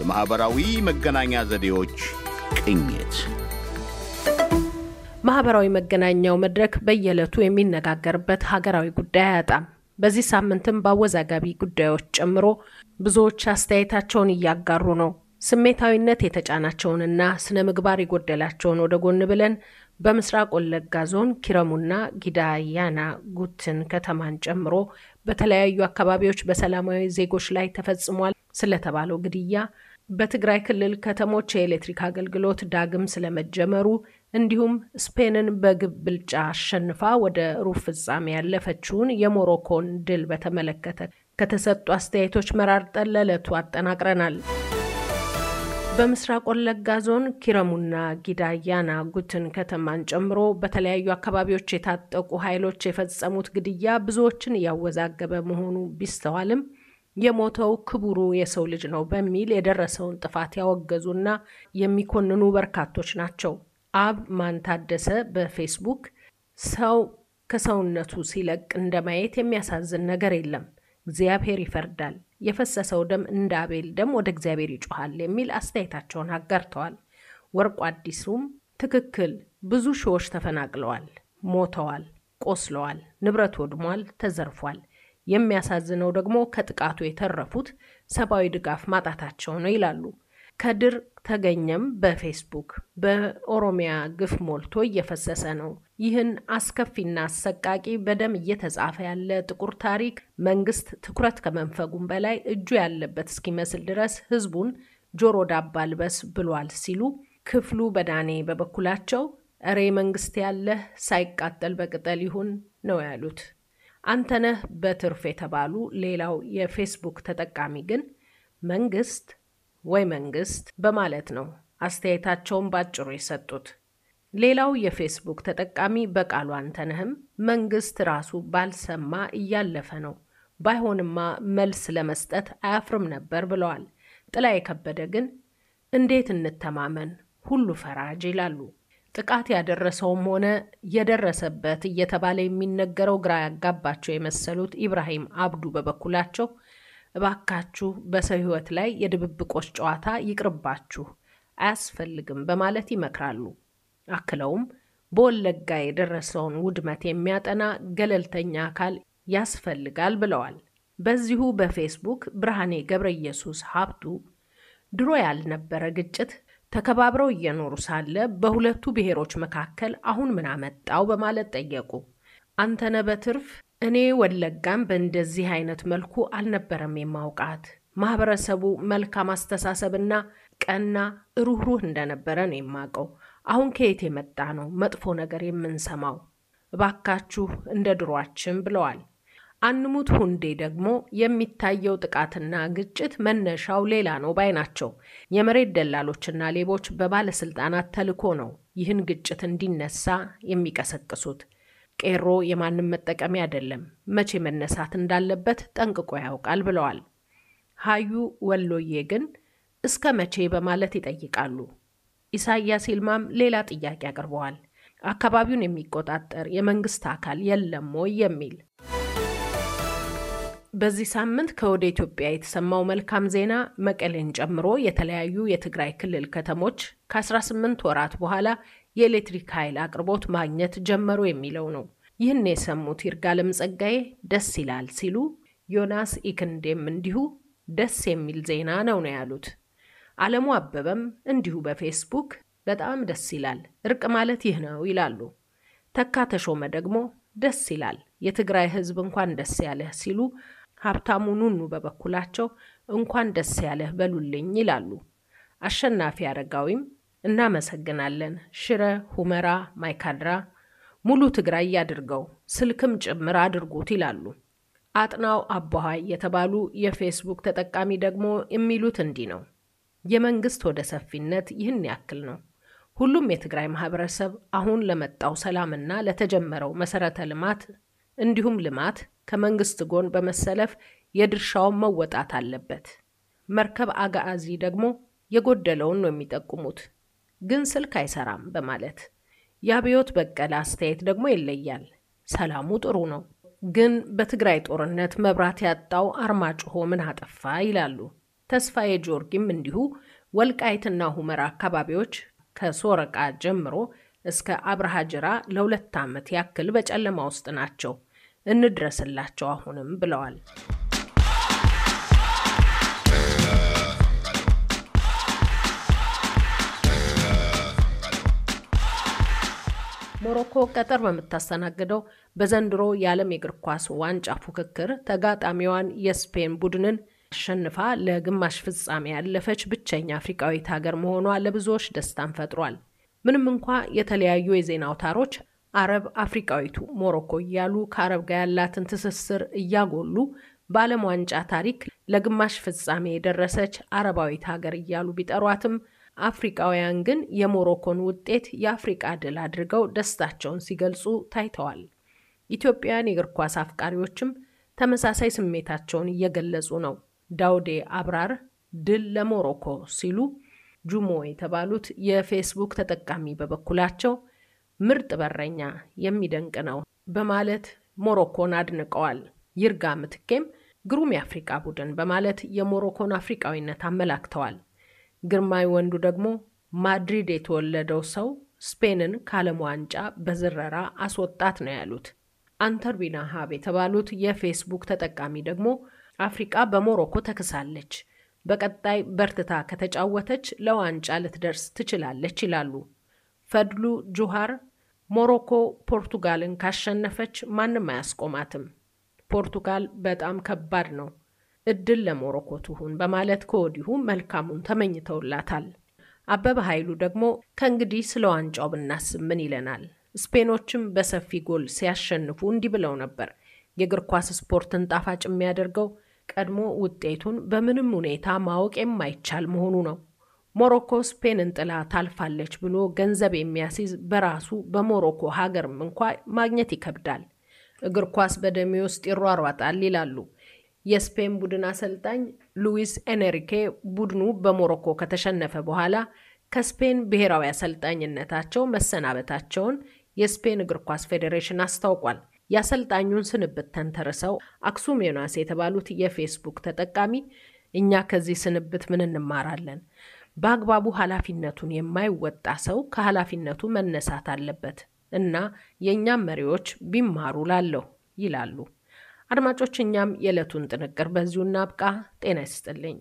የማኅበራዊ መገናኛ ዘዴዎች ቅኝት ማኅበራዊ መገናኛው መድረክ በየዕለቱ የሚነጋገርበት ሀገራዊ ጉዳይ አያጣም። በዚህ ሳምንትም በአወዛጋቢ ጉዳዮች ጨምሮ ብዙዎች አስተያየታቸውን እያጋሩ ነው። ስሜታዊነት የተጫናቸውንና ስነ ምግባር የጎደላቸውን ወደ ጎን ብለን በምስራቅ ወለጋ ዞን ኪረሙና ያና ጉትን ከተማን ጨምሮ በተለያዩ አካባቢዎች በሰላማዊ ዜጎች ላይ ተፈጽሟል ስለተባለው ግድያ፣ በትግራይ ክልል ከተሞች የኤሌክትሪክ አገልግሎት ዳግም ስለመጀመሩ እንዲሁም ስፔንን በግብ ብልጫ አሸንፋ ወደ ሩብ ፍጻሜ ያለፈችውን የሞሮኮን ድል በተመለከተ ከተሰጡ አስተያየቶች መራርጠን ለዕለቱ አጠናቅረናል። በምስራቅ ወለጋ ዞን ኪረሙና ጊዳያና ጉትን ከተማን ጨምሮ በተለያዩ አካባቢዎች የታጠቁ ኃይሎች የፈጸሙት ግድያ ብዙዎችን እያወዛገበ መሆኑ ቢስተዋልም የሞተው ክቡሩ የሰው ልጅ ነው በሚል የደረሰውን ጥፋት ያወገዙና የሚኮንኑ በርካቶች ናቸው። አብ ማን ታደሰ በፌስቡክ ሰው ከሰውነቱ ሲለቅ እንደማየት የሚያሳዝን ነገር የለም፣ እግዚአብሔር ይፈርዳል፣ የፈሰሰው ደም እንደ አቤል ደም ወደ እግዚአብሔር ይጮሃል የሚል አስተያየታቸውን አጋርተዋል። ወርቁ አዲሱም ትክክል፣ ብዙ ሺዎች ተፈናቅለዋል፣ ሞተዋል፣ ቆስለዋል፣ ንብረት ወድሟል፣ ተዘርፏል የሚያሳዝነው ደግሞ ከጥቃቱ የተረፉት ሰብአዊ ድጋፍ ማጣታቸው ነው ይላሉ። ከድር ተገኘም በፌስቡክ በኦሮሚያ ግፍ ሞልቶ እየፈሰሰ ነው። ይህን አስከፊና አሰቃቂ በደም እየተጻፈ ያለ ጥቁር ታሪክ መንግስት ትኩረት ከመንፈጉም በላይ እጁ ያለበት እስኪመስል ድረስ ህዝቡን ጆሮ ዳባ ልበስ ብሏል ሲሉ ክፍሉ በዳኔ በበኩላቸው እሬ መንግስት ያለህ ሳይቃጠል በቅጠል ይሁን ነው ያሉት። አንተነህ በትርፍ የተባሉ ሌላው የፌስቡክ ተጠቃሚ ግን መንግስት ወይ መንግስት በማለት ነው አስተያየታቸውን ባጭሩ የሰጡት። ሌላው የፌስቡክ ተጠቃሚ በቃሉ አንተነህም መንግስት ራሱ ባልሰማ እያለፈ ነው፣ ባይሆንማ መልስ ለመስጠት አያፍርም ነበር ብለዋል። ጥላ የከበደ ግን እንዴት እንተማመን ሁሉ ፈራጅ ይላሉ። ጥቃት ያደረሰውም ሆነ የደረሰበት እየተባለ የሚነገረው ግራ ያጋባቸው የመሰሉት ኢብራሂም አብዱ በበኩላቸው እባካችሁ በሰው ሕይወት ላይ የድብብቆች ጨዋታ ይቅርባችሁ፣ አያስፈልግም በማለት ይመክራሉ። አክለውም በወለጋ የደረሰውን ውድመት የሚያጠና ገለልተኛ አካል ያስፈልጋል ብለዋል። በዚሁ በፌስቡክ ብርሃኔ ገብረ ኢየሱስ ሀብቱ ድሮ ያልነበረ ግጭት ተከባብረው እየኖሩ ሳለ በሁለቱ ብሔሮች መካከል አሁን ምን አመጣው በማለት ጠየቁ። አንተነ በትርፍ እኔ ወለጋም በእንደዚህ አይነት መልኩ አልነበረም የማውቃት ማህበረሰቡ መልካም አስተሳሰብና ቀና ሩህሩህ እንደነበረ ነው የማውቀው። አሁን ከየት የመጣ ነው መጥፎ ነገር የምንሰማው? እባካችሁ እንደ ድሯችን ብለዋል። አንሙት ሁንዴ ደግሞ የሚታየው ጥቃትና ግጭት መነሻው ሌላ ነው ባይ ናቸው። የመሬት ደላሎችና ሌቦች በባለስልጣናት ተልኮ ነው ይህን ግጭት እንዲነሳ የሚቀሰቅሱት። ቄሮ የማንም መጠቀሚያ አይደለም፣ መቼ መነሳት እንዳለበት ጠንቅቆ ያውቃል ብለዋል። ሀዩ ወሎዬ ግን እስከ መቼ በማለት ይጠይቃሉ። ኢሳያስ ይልማም ሌላ ጥያቄ አቅርበዋል። አካባቢውን የሚቆጣጠር የመንግስት አካል የለም ወይ የሚል በዚህ ሳምንት ከወደ ኢትዮጵያ የተሰማው መልካም ዜና መቀሌን ጨምሮ የተለያዩ የትግራይ ክልል ከተሞች ከ18 ወራት በኋላ የኤሌክትሪክ ኃይል አቅርቦት ማግኘት ጀመሩ የሚለው ነው። ይህን የሰሙት ይርጋለም ጸጋዬ ደስ ይላል ሲሉ፣ ዮናስ ኢክንዴም እንዲሁ ደስ የሚል ዜና ነው ነው ያሉት። አለሙ አበበም እንዲሁ በፌስቡክ በጣም ደስ ይላል፣ እርቅ ማለት ይህ ነው ይላሉ። ተካ ተሾመ ደግሞ ደስ ይላል፣ የትግራይ ህዝብ እንኳን ደስ ያለህ ሲሉ ሀብታሙ ኑኑ በበኩላቸው እንኳን ደስ ያለህ በሉልኝ ይላሉ። አሸናፊ አረጋዊም እናመሰግናለን፣ ሽረ፣ ሁመራ፣ ማይካድራ፣ ሙሉ ትግራይ ያድርገው፣ ስልክም ጭምር አድርጉት ይላሉ። አጥናው አቦሃይ የተባሉ የፌስቡክ ተጠቃሚ ደግሞ የሚሉት እንዲህ ነው። የመንግስት ወደ ሰፊነት ይህን ያክል ነው። ሁሉም የትግራይ ማህበረሰብ አሁን ለመጣው ሰላምና ለተጀመረው መሰረተ ልማት እንዲሁም ልማት ከመንግስት ጎን በመሰለፍ የድርሻውን መወጣት አለበት። መርከብ አጋአዚ ደግሞ የጎደለውን ነው የሚጠቁሙት። ግን ስልክ አይሰራም በማለት የአብዮት በቀለ አስተያየት ደግሞ ይለያል። ሰላሙ ጥሩ ነው፣ ግን በትግራይ ጦርነት መብራት ያጣው አርማጭሆ ምን አጠፋ ይላሉ። ተስፋዬ ጊዮርጊም እንዲሁ ወልቃይትና ሁመራ አካባቢዎች ከሶረቃ ጀምሮ እስከ አብርሃ ለሁለት ዓመት ያክል በጨለማ ውስጥ ናቸው። እንድረስላቸው አሁንም ብለዋል። ሞሮኮ ቀጠር በምታስተናግደው በዘንድሮ የዓለም የእግር ኳስ ዋንጫ ፉክክር ተጋጣሚዋን የስፔን ቡድንን አሸንፋ ለግማሽ ፍጻሜ ያለፈች ብቸኛ አፍሪካዊት ሀገር መሆኗ ለብዙዎች ደስታን ፈጥሯል። ምንም እንኳ የተለያዩ የዜና አውታሮች አረብ አፍሪቃዊቱ ሞሮኮ እያሉ ከአረብ ጋር ያላትን ትስስር እያጎሉ በዓለም ዋንጫ ታሪክ ለግማሽ ፍጻሜ የደረሰች አረባዊት ሀገር እያሉ ቢጠሯትም አፍሪቃውያን ግን የሞሮኮን ውጤት የአፍሪቃ ድል አድርገው ደስታቸውን ሲገልጹ ታይተዋል። ኢትዮጵያውያን የእግር ኳስ አፍቃሪዎችም ተመሳሳይ ስሜታቸውን እየገለጹ ነው። ዳውዴ አብራር ድል ለሞሮኮ ሲሉ ጁሞ የተባሉት የፌስቡክ ተጠቃሚ በበኩላቸው ምርጥ በረኛ የሚደንቅ ነው በማለት ሞሮኮን አድንቀዋል። ይርጋ ምትኬም ግሩም የአፍሪቃ ቡድን በማለት የሞሮኮን አፍሪቃዊነት አመላክተዋል። ግርማዊ ወንዱ ደግሞ ማድሪድ የተወለደው ሰው ስፔንን ከዓለም ዋንጫ በዝረራ አስወጣት ነው ያሉት። አንተርቢና ሀብ የተባሉት የፌስቡክ ተጠቃሚ ደግሞ አፍሪቃ በሞሮኮ ተክሳለች፣ በቀጣይ በርትታ ከተጫወተች ለዋንጫ ልትደርስ ትችላለች ይላሉ። ፈድሉ ጁሃር ሞሮኮ ፖርቱጋልን ካሸነፈች ማንም አያስቆማትም። ፖርቱጋል በጣም ከባድ ነው፣ እድል ለሞሮኮ ትሁን በማለት ከወዲሁ መልካሙን ተመኝተውላታል። አበበ ኃይሉ ደግሞ ከእንግዲህ ስለ ዋንጫው ብናስብ ምን ይለናል? ስፔኖችም በሰፊ ጎል ሲያሸንፉ እንዲህ ብለው ነበር። የእግር ኳስ ስፖርትን ጣፋጭ የሚያደርገው ቀድሞ ውጤቱን በምንም ሁኔታ ማወቅ የማይቻል መሆኑ ነው። ሞሮኮ ስፔንን ጥላ ታልፋለች ብሎ ገንዘብ የሚያስይዝ በራሱ በሞሮኮ ሀገርም እንኳ ማግኘት ይከብዳል። እግር ኳስ በደሜ ውስጥ ይሯሯጣል ይላሉ የስፔን ቡድን አሰልጣኝ ሉዊስ ኤንሪኬ። ቡድኑ በሞሮኮ ከተሸነፈ በኋላ ከስፔን ብሔራዊ አሰልጣኝነታቸው መሰናበታቸውን የስፔን እግር ኳስ ፌዴሬሽን አስታውቋል። የአሰልጣኙን ስንብት ተንተርሰው አክሱም ዮናስ የተባሉት የፌስቡክ ተጠቃሚ እኛ ከዚህ ስንብት ምን እንማራለን? በአግባቡ ኃላፊነቱን የማይወጣ ሰው ከኃላፊነቱ መነሳት አለበት እና የእኛም መሪዎች ቢማሩ ላለሁ ይላሉ። አድማጮች፣ እኛም የዕለቱን ጥንቅር በዚሁ እናብቃ። ጤና ይስጥልኝ።